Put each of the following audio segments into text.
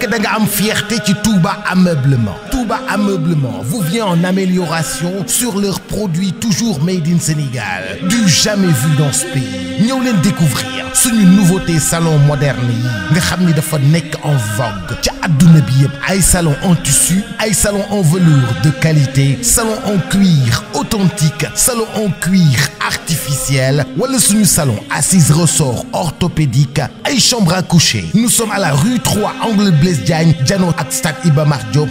fekk da nga am fierté ci Touba ameublement Touba Ameublement vous vient en amélioration sur leurs produits toujours made in Sénégal du jamais vu dans ce pays ñëw leen découvrir suñu nouveauté salon moderne nga xam ni dafa nekk en vogue ca adduna bi yëpp ay salon en tissu ay salon en velours de qualité salon en cuir authentique salon en cuir artificiel wala suñu salon assise ressort orthopédique ay chambre à coucher nous sommes à la rue 3 angle Blaise Diano ak stade Diop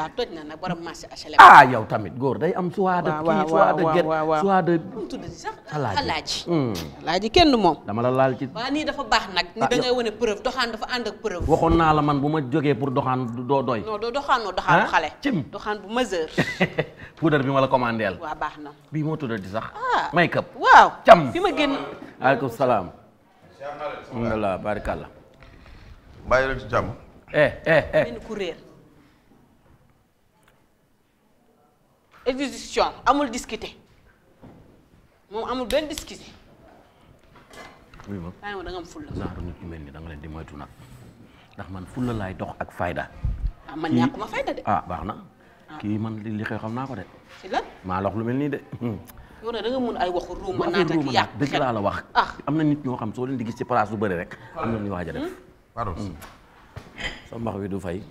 waa toj na nag borom marché HLM. ah yow tamit góor day am. waaw waaw waaw soit kii soit de gerte soit de. nu sax alaaji alaaji hmm. kenn moom. dama la laal ci. waaw dafa baax nag. ni ah, da ngay wane preuve doxaan dafa ànd ak preuve. waxoon naa la man bu ma jógee pour doxaan doo doy. non doo doxaanoo doxaanu ah, xale. cim doxaan bu majeur. poudre bi ma la commandé al. waaw baax na. bii moo tuddati sax. ah make waaw cam fi ma génn. aleykum salaam. alhamdulilah barikàlla. mbaa yéen a ngi exécution amul discuter moom amul benn discuter. oui ma nit yu mel ni danga leen di moytu nag ndax man fulla laay dox ak fayda. ah man ñàkkuma fayda de. Ah, baax na. Ah. kii man li li xew xam naa ko de. maa lox lu mel nii de. yow nag da nga ay waxu ruuma naata ak yàq dëgg laa wax. Ah. am na nit ñoo xam soo leen di gis ci place bu bëri rek. am na lu ñu a def. Hmm? pardon. Hmm. sa mbax wi du fay.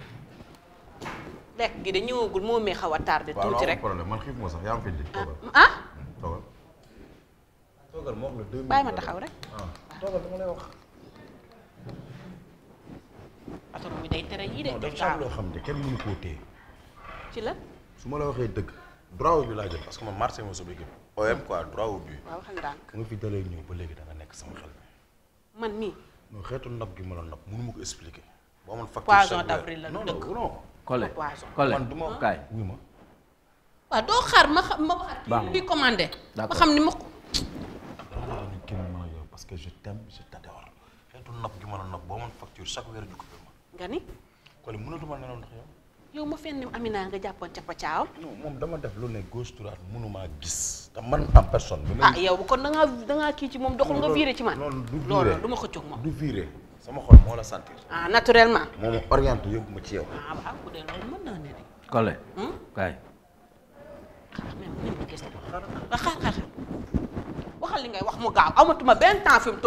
lekk gi de ñëwagul moo may xaw a tardé. tuuti rek waaw man xiif moo sax yaa ngi fi indi. Ah, ah toogal. moo xam ne ma taxaw rek. Ah. toogal dama lay wax. atom bi day tere yii de. waaw dafa am xam ne kenn koo téye. ci la. su ma la waxee dëgg. droit bi laa jël parce que man marché ma subi kii. OM quoi droit bi. waaw xam nga mu fi dalee ñëw ba léegi da nekk sama xel. man nii. non xeetu ndab gi ma la ndab mënu ma ko expliquer. boo amoon facture chaque poisson la non non. collé collé man du ma kaay wuy ma. ma xam ma waxaat. xam ni ma ko. parce que je t'aime je t'adore xeetu ma la nopp boo mën facture chaque weer ma. nga nelaw ndax yow. ma fenn Amina nga jàppoon ca Pacaaw. non moom dama def lu ne gauche droite mënumaa gis te man en personne. ah yow kon da ngaa kii ci moom doxul nga viré ci man. loolu du ma ko jóg moom sama xol moo la sentir. ah naturellement. moo ma orienté yóbbu ma ci yow. ah waaw ku hmm? mu gaaw amatuma benn bopp.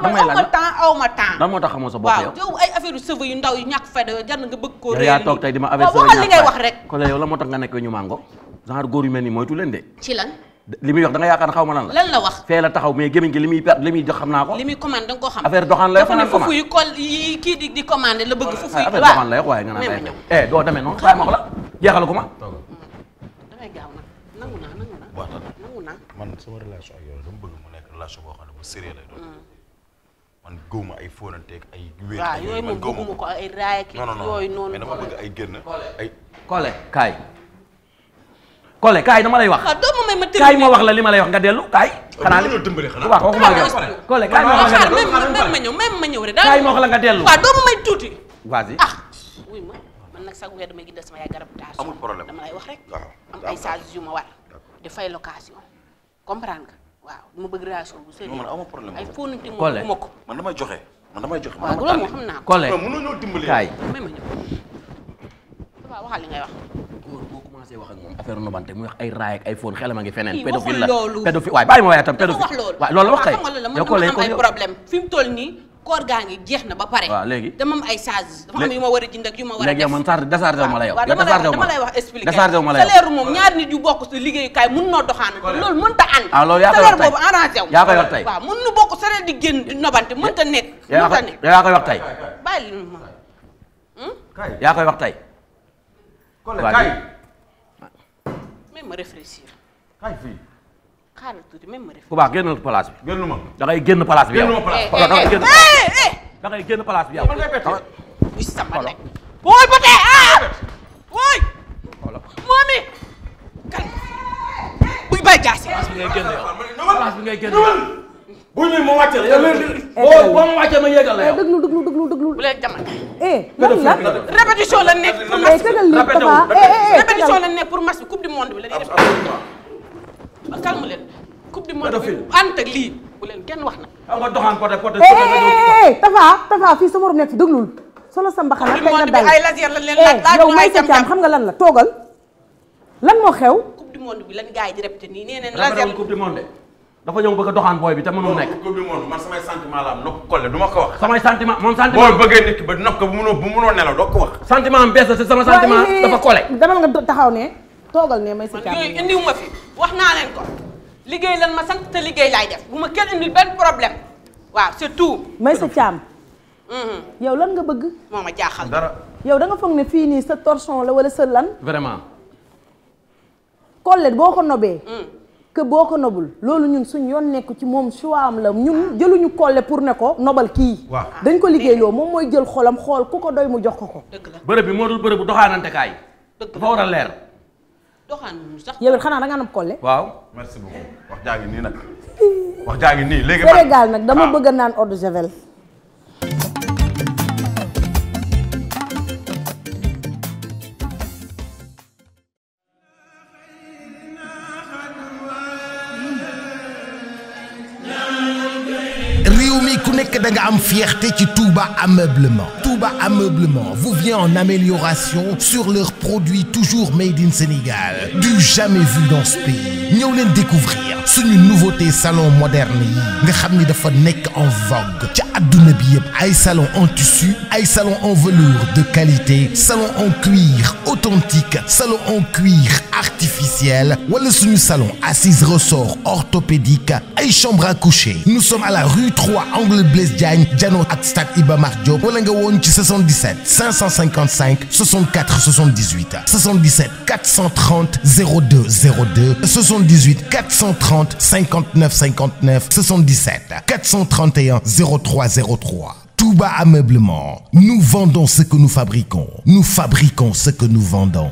damay laaj aw ma temps lan moo tax xamoo sa bopp yow. waaw ay affaire yu sëb di ma avertir la moo tax nga nekk ñu màngo genre góor yu mel nii moytu leen de. ci lan. li muy wax da nga yaakaar xaw ma nan la lan la wax fee taxaw mais gémmiñ gi li muy perte li muy jox xam naa ko li muy commande da nga koo xam affaire doxaan la dafa yi di di commandé la bëgg fufu yi affaire ah, ah, doxaan la yox eh, doo demee noonu xaay ma wax la ko ma mm. damay man sama relation ak yow dama bëgg mu nekk relation boo mm. ma ay fóonanteeg ay wéer waaw yooyu moom ko ay raay ak yooyu noonu mais dama bëgg ay génn ay kole kaay Kole kaay dama lay wax. waaw ah, doo ma may ma tëmbale kaay ma wax la li ma lay wax nga dellu kaay. Ah, xanaa li waaw waxuma ak yow Kole kaay ma wax la nga dellu même ma ñëw même ma ñëw rek. kaay ma wax la nga dellu waaw doo ma may tuuti. vas-y ah. wuy ma man nag sax weer damay gindal sama yaay garab taas. amul problème dama lay wax rek. Ah, am ay charges yu ma war. di fay location comprendre nga waaw dama bëgg relation bu sérieux. non man amul problème ay fóonu te mu ma ko. man damay joxe man damay joxe. waaw loolu moom xam naa ko. Kole kaay. waaw waxal li ngay wax commencé wax ak moom affaire nobante muy wax ay a ngi na ba pare waaw léegi dama am ma war a jënd ak yu ma war a def ma la yow dama lay wax expliqué déchargé wu ma la yow salaire moom ñaari nit yu bokk si liggéeyukaay mun noo doxaan loolu mën ta ànd ah loolu yaa koy wax tey boobu arrangé mun nu bokk salaire di génn di nobante ta nekk yaa koy wax tey bàyyi hmm? yaa koy wax ma réfléchir. kaay fii. xaaral tuuti même ma réfléchir. bu baax génnal place bi. génn ma da ngay génn place bi yow. génn ma place bi da ngay génn place bi yow. muy samba nekk. wóoy ba tey ah. wóoy. moomi. kan. buy bay jaasi. place bi ngay génn yow. place bi ngay génn yow. bu ñuy mu wàcce la yow boo boo mu wàcce ma yégal la yow. déglu déglu bu leen jamono. eh lan la répétition la nekk pour eh, match bi eh, eh, répétition la nekk pour match bi coupe monde bi ah, leen coupe du leen kenn wax na. xam nga doxaan côté côté. Tafa Tafa fii sa morom nekk déglul solo sa mbaxana tey nga dal ay lasière lañ leen laaj laaj ñu ay jam jam xam nga lan la toogal lan moo xew. coupe du monde bi lan gars yi di répété nii nee neen lasière coupe du monde dafa ñëw bëgg a doxaan booy bi te mënul nekk. coupe du monde man samay sentiment la am noo ko colle du ma ko wax. samay sentiment moom sentiment. boo bëggee nit ki ba nopp ko bu mënoo nelaw doo ko wax. sentiment am bees la te sama sentiment dafa colle. dama nga taxaw ne toogal ne may si. caaman yooyu indiwu ma ma sant sa caam. Mhm. yow lan nga bëgg. moom ma jaaxal dara. yow da nga foog ne fii nii sa torchon la wala sa lan. vraiment. colle boo ko nobee. Mhm. que boo ko nobul loolu ñun suñ yoon nekk ci moom choix am la ñun jëluñu Collé pour ne ko nobal kii. waaw dañ ko liggéey liggéeyloo moom mooy jël xolam xool ku ko doy mu jox ko ko. bërëb bi moo dul bërëb bu doxaanante kaay. dëgg la dafa war a leer. doxaan sax yow xanaa dangaa ngaa kole waaw merci beaucoup wax jaa ngi nii nag. wax léegi. Sénégal nag dama ah. bëgg naan eau nekk da nga am fierté ci Touba ameublement Touba Ameublement vous vient en amélioration sur leurs produits toujours made in Sénégal du jamais vu dans ce pays ñëw leen découvrir suñu nouveauté salon moderne nga xam ni dafa nekk en vogue ca adduna bi yëpp ay salon en tissu ay salon en velours de qualité salon en cuir authentique salon en cuir artificiel wala suñu salon assise ressort orthopédique ay chambre à coucher nous sommes à la rue 3 angle Blaise Diano ak Iba Mar ci 77 555 64 78 77 430 02 02 78 430 59 59 77 431 03 03 Touba Ameublement nous vendons ce que nous fabriquons nous fabriquons ce que nous vendons